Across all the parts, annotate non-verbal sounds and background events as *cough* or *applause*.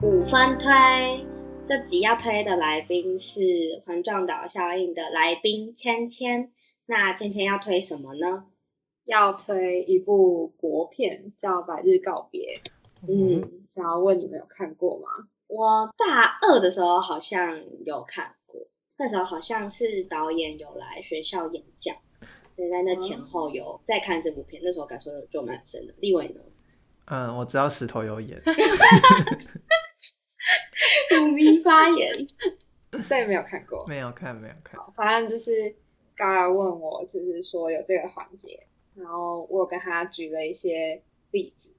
五分推，這集要推的來賓是環狀島效應的來賓芊芊。那今天要推什麼呢？要推一部國片，叫《百日告別》。嗯，嗯，想要問你們有看過嗎？我大二的時候好像有看過，那時候好像是導演有來學校演講。在那前後有再看這部片、嗯、那時候感受就蠻深的。立委呢？嗯，我知道石頭有演 *laughs* *laughs* 發言再也 *laughs* 沒有看過，沒有看沒有看。好，反正就是剛才問我就是說有這個環節，然後我有跟他舉了一些例子，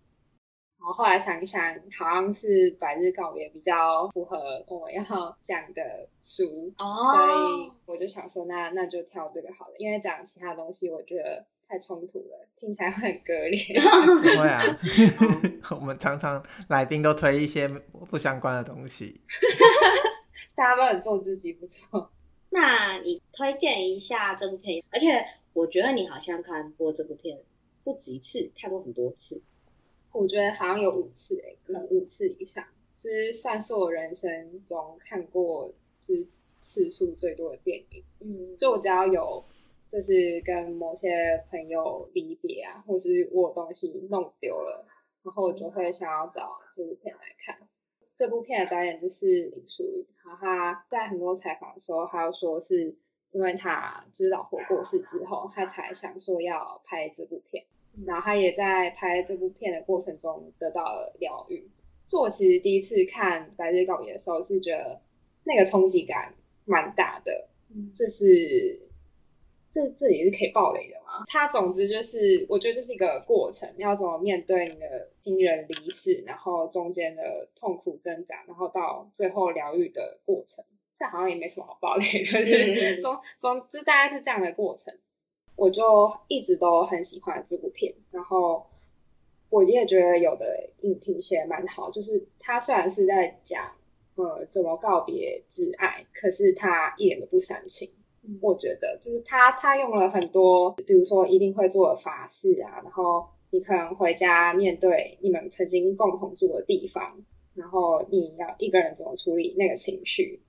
然後後來想一想，好像是百日告別比較符合我要講的書，哦，所以我就想說那，那就挑這個好了，因為講其他東西我覺得太衝突了，聽起來會很割裂。對 *laughs* 啊， *laughs* *laughs* 我們常常來賓都推一些不相關的東西， *laughs* *laughs* 大家都很做自己不錯。那你推薦一下這部片，而且我覺得你好像看過這部片不止一次，看過很多次。我覺得好像有五次哎，可能五次以上，是算是我人生中看過，就是。次數最多的電影，嗯，就我只要有，就是跟某些朋友離別啊，或是我東西弄丟了，然後我就會想要找這部片來看。嗯、這部片的導演就是林書宇，然後他在很多採訪的時候，他有說是因為他就是老婆過世之後，他才想說要拍這部片，然後他也在拍這部片的過程中得到了療癒。就我其實第一次看《百日告別》的時候，是覺得那個衝擊感，蠻大的，就是、這是這這也是可以爆雷的嘛？他總之就是，我覺得這是一個過程，要怎麼面對你的親人離世，然後中間的痛苦掙扎，然後到最後療癒的過程，這好像也沒什麼好爆雷的、嗯。總總之大概是這樣的過程。我就一直都很喜歡這部片，然後我也覺得有的影評寫的蠻好，就是他雖然是在講。呃，怎麼告別摯愛？可是他一點都不煽情。嗯。我覺得，就是他，他用了很多，比如說一定會做的法事啊，然後你可能回家面對你們曾經共同住的地方，然後你要一個人怎麼處理那個情緒，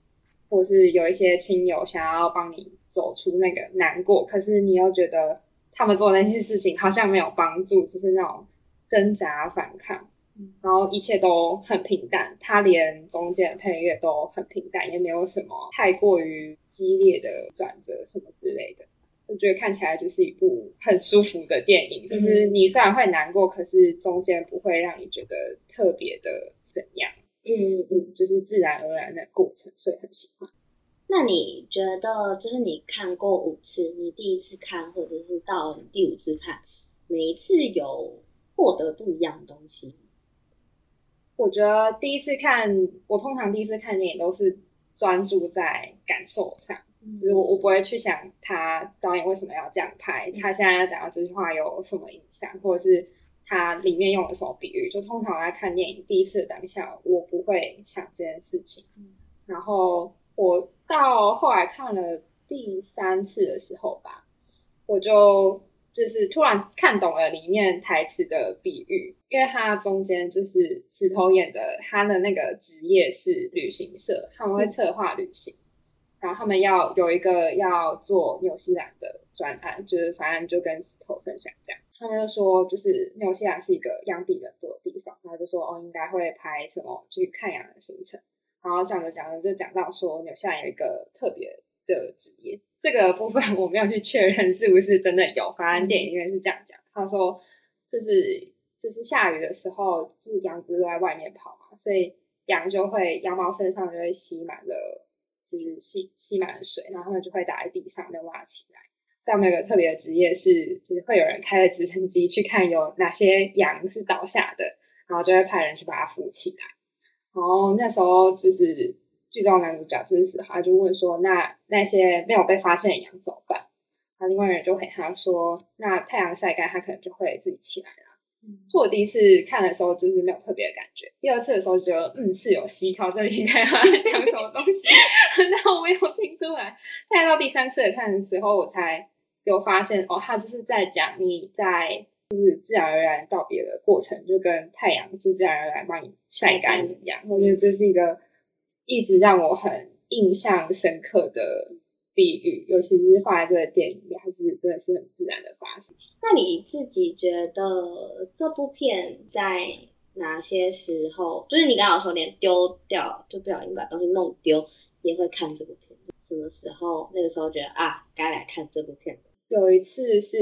或是有一些親友想要幫你走出那個難過，可是你又覺得他們做的那些事情好像沒有幫助，就是那種掙扎反抗。然後一切都很平淡，他連中間的配樂都很平淡，也沒有什麼太過於激烈的轉折什麼之類的。我覺得看起來就是一部很舒服的電影，嗯、就是你雖然會難過，可是中間不會讓你覺得特別的怎樣。嗯嗯嗯，就是自然而然的過程，所以很喜歡。那你覺得，就是你看過五次，你第一次看或者是到你第五次看，每一次有獲得不一樣的東西？我覺得第一次看，我通常第一次看電影都是專注在感受上，嗯、就是我我不會去想他導演為什麼要這樣拍，嗯、他現在要講到這句話有什麼影響，或者是他裡面用了什麼比喻。就通常我在看電影第一次的當下，我不會想這件事情。嗯、然後我到後來看了第三次的時候吧，我就。就是突然看懂了裡面台詞的比喻。因為他中間就是石頭演的，他的那個職業是旅行社，他們會策劃旅行，然後他們要有一個要做紐西蘭的專案，就是反正就跟石頭分享這樣，他們就說就是紐西蘭是一個羊比人多的地方，然後就說哦，應該會拍什麼去看羊的行程，然後講着講着就講到說紐西蘭有一個特別。的職業這個部分我沒有去確認是不是真的有，反正電影院是這樣講。他說這，就是就是下雨的時候，就是羊不是都在外面跑嘛，所以羊就會羊毛身上就會吸滿了，就是吸吸滿了水，然後他就會打在地上，再挖起來。上面有個特別的職業是，就是會有人開着直升機去看有哪些羊是倒下的，然後就會派人去把它扶起來。然後那時候就是。劇中男主角真是他就問說：“那那些沒有被發現的羊怎麼辦？”他、啊、另外人就回他說：“那太陽曬乾，他可能就會自己起來了。”嗯，是我第一次看的時候，就是沒有特別的感覺；第二次的時候，就覺得嗯是有蹊蹺，這裡應該要講什麼東西， *laughs* *laughs* 那我沒有聽出來。再到第三次看的時候，我才有發現哦，他就是在講你在就是自然而然道別的過程，就跟太陽就自然而然幫你曬乾一樣。嗯、我覺得這是一個。一直讓我很印象深刻的比喻，尤其是放在這個電影裡面，還是真的是很自然的發生。那你自己覺得這部片在哪些時候，就是你剛好說連丟掉，就不小心把東西弄丟，也會看這部片，什麼時候那個時候覺得啊，該來看這部片？有一次是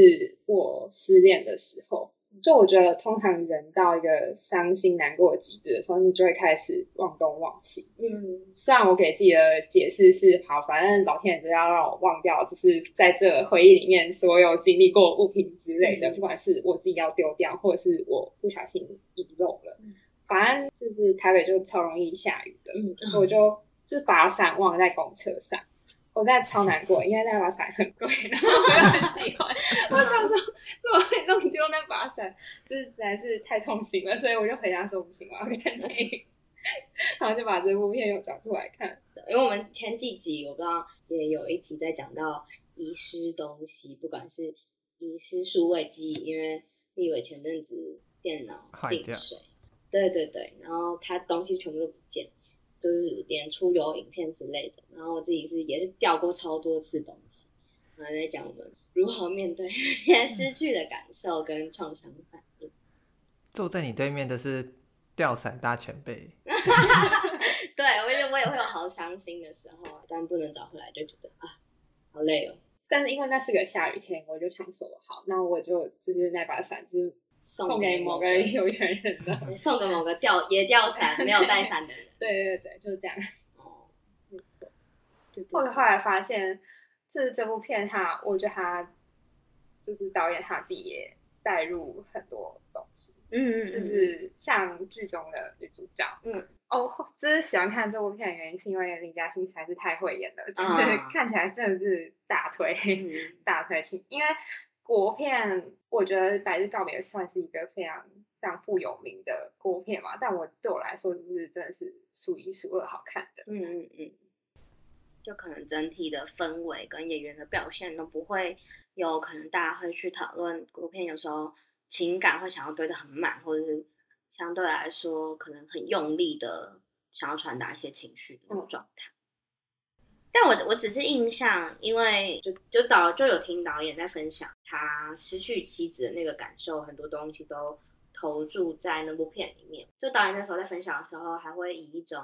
我失戀的時候。就我覺得，通常人到一個傷心難過極緻的時候，你就會開始忘東忘西。嗯，雖然我給自己的解釋是，好，反正老天爺都要讓我忘掉，就是在這回憶裡面所有經歷過物品之類的，嗯、不管是我自己要丟掉，或者是我不小心遺漏了，嗯、反正就是台北就超容易下雨的，嗯、我就就把傘忘在公車上。我超難過，因為那把傘很貴，然後我又很喜歡。 *laughs* 我想說，怎麼會弄丟那把傘，就是實在是太痛心了，所以我就回答說不行、啊，我要看電影。 *laughs* 然後就把這部片又找出來看。因為我們前幾集我剛剛也有一集在講到遺失東西，不管是遺失數位機，因為立偉前陣子電腦進水，掉對對對，然後他東西全部都不見。就是連出遊影片之類的，然後我自己是也是掉過超多次東西，然後在講我們如何面對現在失去的感受跟創傷反應。坐在你對面的是掉傘大前輩。 *laughs* *laughs* *laughs* 對，我也我也會有好傷心的時候，但不能找回來，就覺得啊，好累哦。但是因為那是個下雨天，我就想說好，那我就就是那把傘就是。送給某個人有緣人的送， *laughs* 送給某個掉也掉傘沒有帶傘的人。 *laughs* 對對對，對，對，就是這樣。哦，沒錯。後來後來發現，這、就是、這部片哈，我覺得他就是導演他自己也帶入很多東西。嗯嗯，就是像劇中的女主角。嗯。哦，就是喜歡看這部片的原因，是因為林嘉欣實在是太會演了，嗯、其實看起來真的是大推、嗯、大推星，因為。國片，我覺得《百日告別》算是一個非常、非常不有名的國片嘛，但我對我來說就是真的是數一數二好看的。嗯嗯嗯，就可能整體的氛圍跟演員的表現都不會有，可能大家會去討論國片，有時候情感會想要堆得很滿，或者是相對來說可能很用力的想要傳達一些情緒的那種狀態。嗯但我我只是印象，因為就就導就有聽導演在分享他失去妻子的那個感受，很多東西都投注在那部片裡面。就導演那時候在分享的時候，還會以一種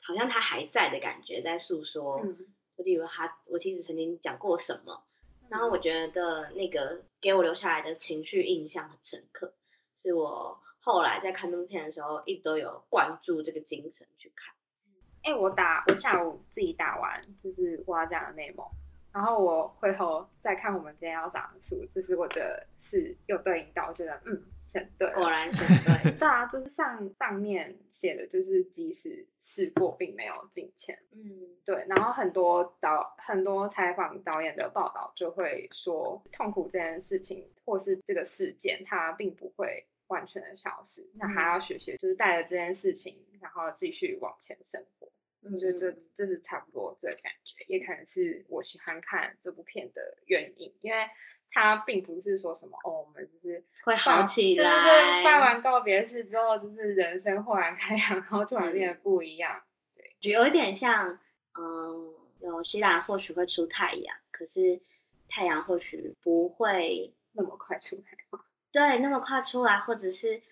好像他還在的感覺在訴說，嗯，就例如他我妻子曾經講過什麼。嗯，然後我覺得那個給我留下來的情緒印象很深刻，是我後來在看那部片的時候，一直都有灌注這個精神去看。哎、欸，我打我下午自己打完，就是我要這樣的內蒙，然後我回頭再看我們今天要講的書，就是我覺得是又對應到，我覺得嗯選對，果然選對， *laughs* 對啊，就是上上面寫的就是即使事過並沒有境遷。嗯對，然後很多導很多採訪導演的報道就會說，痛苦這件事情或是這個事件，它並不會完全的消失，嗯、那還要學習，就是帶着這件事情，然後繼續往前生。嗯，覺得這這是差不多這感覺，也可能是我喜歡看這部片的原因，因為他並不是說什麼哦，我們就是會好起來，對，辦完告別式之後，就是人生豁然開朗，然後突然變得不一樣，嗯、對，就有一點像，嗯，有希臘或許會出太陽，可是太陽或許不會那麼快出來，對，那麼快出來，或者是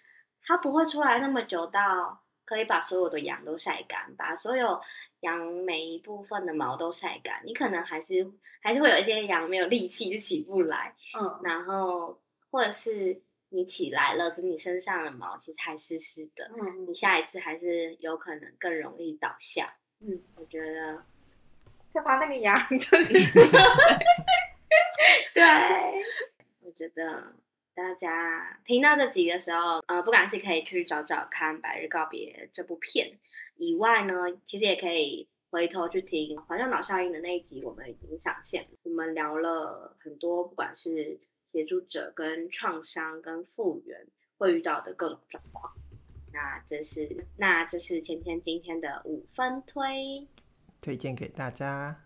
它不會出來那麼久到。可以把所有的羊都曬乾，把所有羊每一部分的毛都曬乾。你可能還是還是會有一些羊沒有力氣就起不來，嗯，然後或者是你起來了，可是你身上的毛其實還濕濕的，嗯，你下一次還是有可能更容易倒下，嗯，我覺得，就把那個羊就是， *laughs* *laughs* 對， *laughs* 我覺得。大家聽到這集的時候，呃，不管是可以去找找看《百日告別》這部片，以外呢，其實也可以回頭去聽「環狀島效應」的那一集，我們已經上線，我們聊了很多，不管是協助者跟創傷跟復原會遇到的各種狀況。那這是那這是芊芊今天的五分推，推薦給大家。